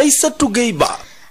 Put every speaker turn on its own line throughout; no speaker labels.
Aïssatou Gueye Ba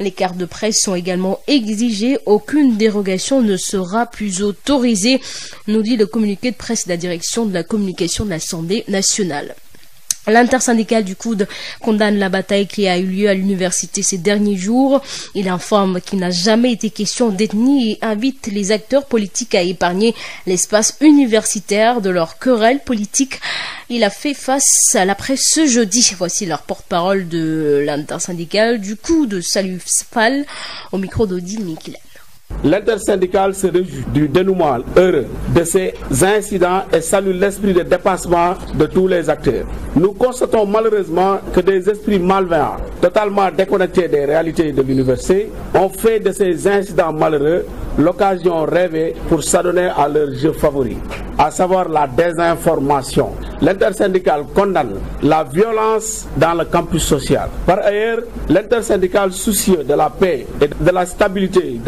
Les cartes de presse sont également exigées. Aucune dérogation ne sera plus autorisée, nous dit le communiqué de presse de la direction de la communication de l'Assemblée nationale. L'intersyndicale du coude condamne la bataille qui a eu lieu à l'université ces derniers jours. Il informe qu'il n'a jamais été question d'ethnie et invite les acteurs politiques à épargner l'espace universitaire de leur querelle politique. Il a fait face à la presse ce jeudi. Voici leur porte-parole de l'intersyndicale du coude, Salif Sfal, au micro d'Odile
L'intersyndicale se réjouit du dénouement heureux de ces incidents et salue l'esprit de dépassement de tous les acteurs. Nous constatons malheureusement que des esprits malveillants, totalement déconnectés des réalités de l'université, ont fait de ces incidents malheureux l'occasion rêvée pour s'adonner à leur jeu favori, à savoir la désinformation. L'intersyndicale condamne la violence dans le campus social. Par ailleurs, l'intersyndicale soucieux de la paix de la stabilité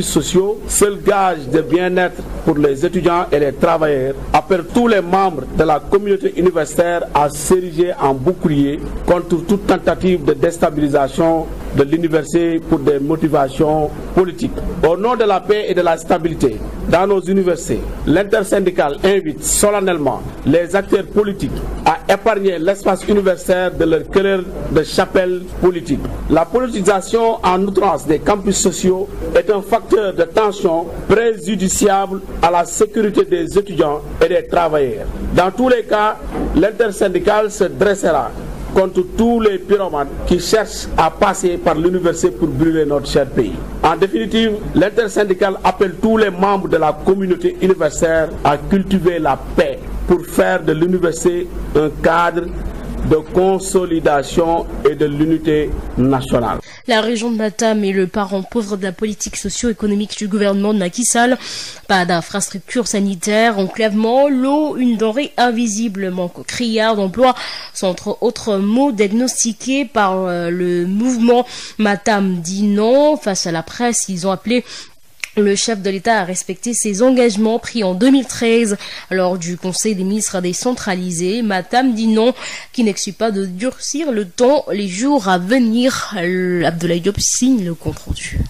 campus sociaux, seul gage de bien-être pour les étudiants et les travailleurs, appelle tous les membres de la communauté universitaire à s'ériger en bouclier contre toute tentative de déstabilisation de l'université pour des motivations politiques. Au nom de la paix et de la stabilité dans nos universités, l'intersyndicale invite solennellement les acteurs politiques à épargner l'espace universaire de leur querelle de chapelle politique. La politisation en outrance des campus sociaux est un facteur de tension préjudiciable à la sécurité des étudiants et des travailleurs. Dans tous les cas, l'intersyndicale se dressera contre tous les pyromanes qui cherchent à passer par l'université pour brûler notre cher pays. En définitive, l'intersyndicale appelle tous les membres de la communauté universitaire à cultiver la paix pour faire de l'université un cadre de consolidation et de l'unité nationale.
La région de Matam est le parent pauvre de la politique socio-économique du gouvernement de Macky Pas d'infrastructures sanitaires, enclavement, l'eau, une denrée invisible, manque criard d'emploi sont entre autres mots diagnostiqués par euh, le mouvement Matam dit Face à la presse, ils ont appelé Le chef de l'État a respecté ses engagements pris en 2013 lors du Conseil des ministres décentralisé. Matam Dinon, qui n'exclut pas de durcir le temps les jours à venir. Abdoulaye Diop signe le compte rendu.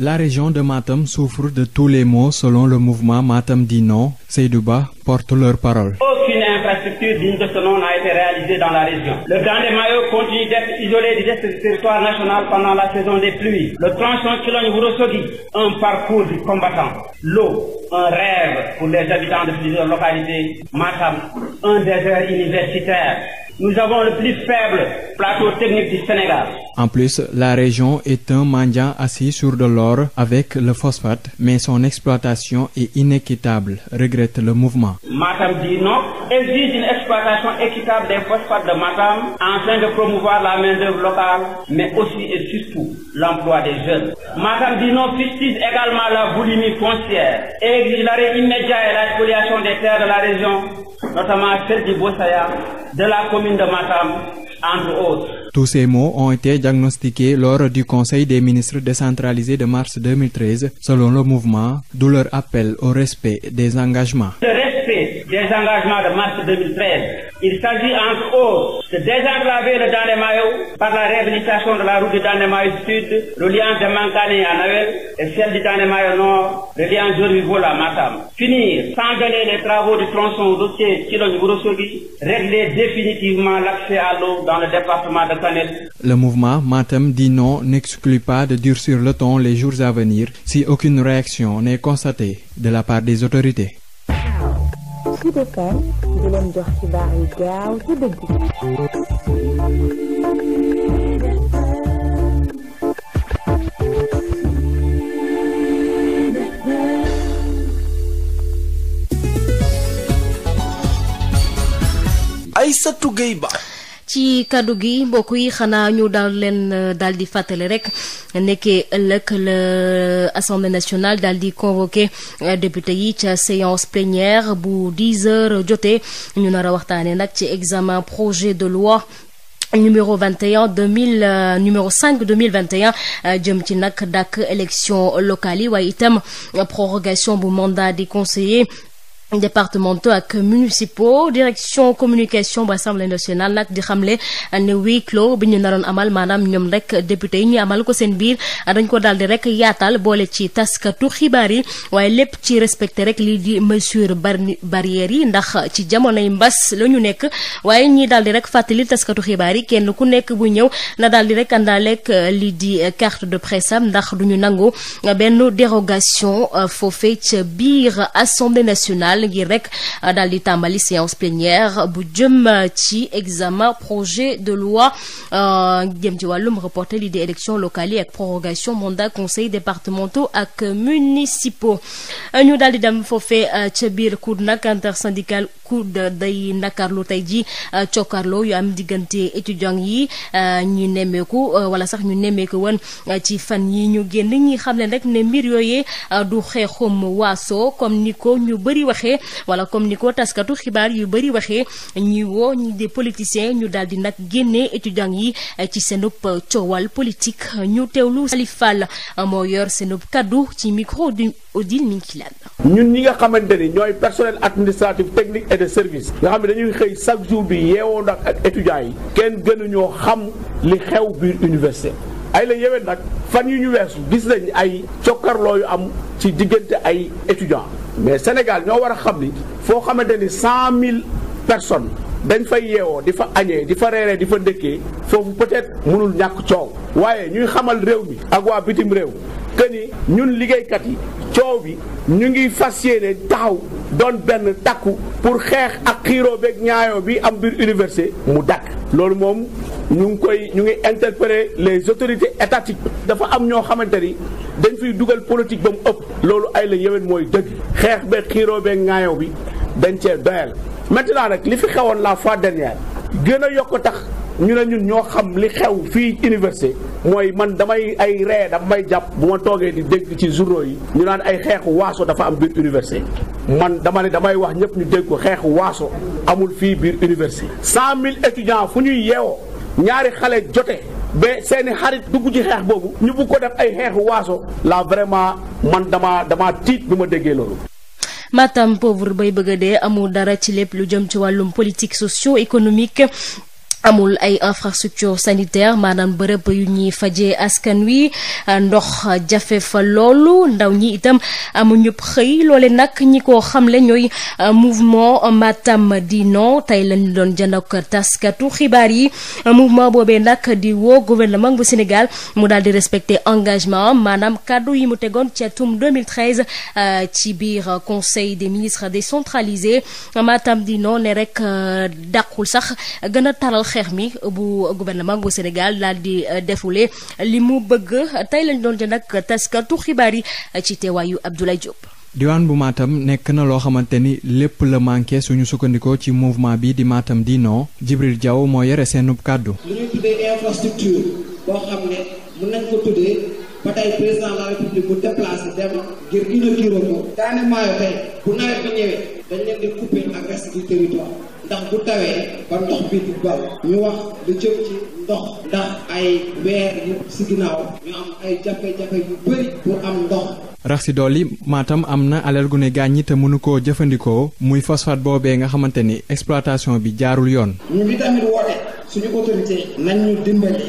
La région de Matam souffre de tous les maux selon le mouvement Matam dit non. Seydou Ba porte leur parole.
Aucune infrastructure digne de n'a été réalisée dans la région. Le Grand des Maillots continue d'être isolé du territoire national pendant la saison des pluies. Le tronçon Kilogne-Wurosogi, un parcours du combattant. L'eau, un rêve pour les habitants de plusieurs localités. Matam, un désert universitaire. Nous avons le plus faible plateau technique du Sénégal.
En plus, la région est un mendiant assis sur de l'or avec le phosphate, mais son exploitation est inéquitable, regrette le mouvement.
Matam dit exige une exploitation équitable des phosphates de Matam afin de promouvoir la main-d'œuvre locale, mais aussi et surtout l'emploi des jeunes. Matam dit non également la boulimie foncière et exige l'arrêt immédiat et la spoliation des terres de commune de Matam, entre autres.
Tous ces mots ont été diagnostiqués lors du Conseil des ministres décentralisé de mars 2013, selon le mouvement, d'où leur appel au respect des engagements.
des engagements de mars Il s'agit entre autres de désentraver le Dandemayo par la réhabilitation de la route du Dandemayo Sud, reliant de Mankane à Navel et celle du Dandemayo Nord, reliant Jorvivol à Matam. Finir sans donner les travaux du tronçon routier Kilon-Gourosogi, régler définitivement l'accès à l'eau dans le département de
Kanel. Le mouvement Matam dit non n'exclut pas de durcir le ton les jours à venir si aucune réaction n'est constatée de la des autorités.
ci dëkkaay di leen jox xibaar yu gaaw te dëgg
Aïssatou Gueye
Ba ci kaddu gi mbokk yi xanaa ñu daal leen euh, daal di fàttali rek nekkee ëllëg la euh, assemblée nationale daal di convoqué euh, député yi ca séance plénière bu 10 heures jotee ñu nar a waxtaanee nag ci examen projet de loi. numéro 21 2000 euh, numéro 5 2021 jëm ci nag dakk élection locale yi waaye itam prorogation bu mandat des conseillers départementaux ak municipaux direction communication bu assemblée nationale nag di xamle ne huis clos bi ñu naroon amal maanaam ñoom rek député yi ñu amal ko seen biir dañ ko daal di rek yaatal boole ci taskatu xibaar yi waaye lépp ci respecté rek lii di mesure barrière yi ndax ci jamonoy mbas la ñu nekk waaye ñii daal di rek fàttali taskatu xibaar yi kenn ku nekk bu ñëw na daal di rek àndaaleeg euh, lii di euh, carte de presse am ndax du ñu nangu euh, benn dérogation foofee ca biir assemblée Sénégal ngir rek euh, daal di tàmbali séance plénière bu jëm euh, ci examen projet de loi euh, jëm ci wàllum reporter li di élection locale yi ak prorogation mandat conseil départementaux ak municipaux ñu daal di dem foofee ca biir COUD nag intersyndical COUD day nakarlu tey ji cokkarloo yu am diggante étudiants yi ñu nemmeeku wala sax ñu nemmeeku woon ci fan yi ñu génn ñi xam leen rek ne mbir yooyee du xeexum waaso comme ni ko ñu bëri waxee wala comme ni ko taskatu xibaar yu bëri waxee ñuy woo ñi des politiciens ñu daal di nag génnee étudiants yi ci seen seenub coowal politique ñu teewlu Salif Fall moo yor seen seenub kaddu ci micro du Odile Minkilan
ñun ñi nga xamante ni ñooy personnel administratif technique et de service nga xam ne dañuy xëy chaque jour bi yeewoon ak étudiants yi kenn ñoo xam li xew biir université ay la yéwén nag fan yu ñu weesu gis nañ ay cokkarloo yu am ci diggante ay étudiants mais Sénégal ñoo war a xam ni foo xamante ni cent mille personnes dañ fay yeewoo di fa añee di fa reeree di fa ndëkkee foofu peut-être mënul ñàkk coow waaye ñuy xamal réew mi ak waa bitim réew que ñun liggéeykat yi coow bi ñu ngi fas yéene taxaw doon benn takku pour xeex ak xiiroo beeg ñaayoo bi am biir université mu dakk loolu moom ñu ngi koy ñu ngi interpeller les autorités étatiques dafa am ñoo xamante ni dañ fiy dugal politique ba mu ëpp loolu ay la yewén mooy dëgg xeex be xiiroo be ŋaayow bi dañ cee doyal maintenant nag li fi xewoon la fois dernière gën a yokk tax ñu ne ñun ñoo xam li xew fii université mooy man damay ay ree damay jàpp bu ma toogee di dégg ci journaux yi ñu naan ay xeexu waaso dafa am biir université man dama ne damay wax ñëpp ñu dégg ko xeexu waaso amul fii biir université cent mille étudiants fu ñuy yeewoo ñaari xale jote ba seeni xarit dugg ci xeex boobu ñu bugg ko def ay xeexu waaso la vraiment man dama dama tiit bi ma déggee loolu
Matam pauvre bay bëgg a dee amul dara ci lépp lu jëm ci wàllum politique socio économique amul ay infrastructure sanitaire maanaam bërëb yu ñuy fajee askan wi ndox jafe fa loolu ndaw ñi itam ñu xëy loole nag ñi ko xamle ñooy euh, mouvement Matam di non tey lañ doon janok taskatu xibaar yi mouvement boobee nag di woo gouvernement bu Sénégal mu daal di respecter engagement maanaam kàddu yi mu tegoon ci atum 2013 euh, ci biir conseil des ministres décentralisé Matam di non ne rek euh, dàqul sax gën a xeex mi bu gouvernement bu Sénégal daal di euh, défouler li mu bëgg tey lañ doon di nag taskatu xibaar yi ci teewaayu Abdoulaye Diop.
diwaan bu Matam nekk na loo xamante ni lépp la manqué suñu sukkandikoo ci mouvement bi di maatam di non Jibril jaw moo yore seenub kàddu.
lu ñuy tuddee infrastructure boo xam ne mën nañ ko tuddee ba tey président de la république mu déplacé dem ngir inaugurer ko daane maayo tey bu nawet bi ñëwee dañ leen di couper ak reste du ndax bu tawee ba ndox bi di bal ñu wax lu jëm ci ndox ndax ay weer yu si ñu am ay jafe-jafe yu bëri pour am ndox.
rax si dool yi Matam am na alal gu ne gaaññi te mënu koo jëfandikoo muy phosphate boobee nga xamante ni exploitation bi jaarul yoon.
ñu ngi tamit woote suñu autorité nañ ñu dimbali.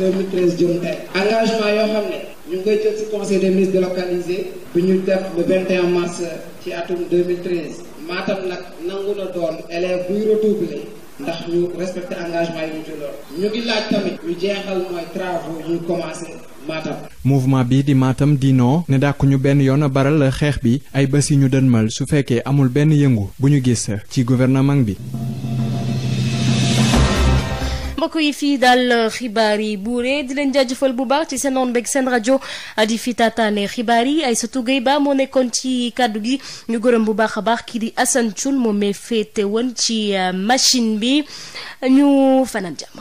2013 jëm engagement yoo xam ne ñu ngay jël ci conseil des ministres délocalisé bi ñu def le 21 mars ci atum 2013 nag nangu na doon élève buy redoubler ndax ñu respecté engagement yi ñu jëloon ñu ngi laaj tamit ñu jeexal mooy travaux ñu commencé Matam.
mouvement bi di Matam di non ne dàkku ñu benn yoona baral xeex bi ay bés yu ñu dënmal su fekkee amul benn yëngu bu ñu gis ci gouvernement bi.
mbokk yi fii daal xibaar yi buuree di leen jaajëfal bu baax ci seen on beeg seen rajo di fi taataane xibaar yi ay sa Gueye Ba moo nekkoon ci kàddu gi ñu gërëm bu baax a baax kii di Assane Thioune moom mee féete woon ci euh, machine bi ñu fanaan jàmm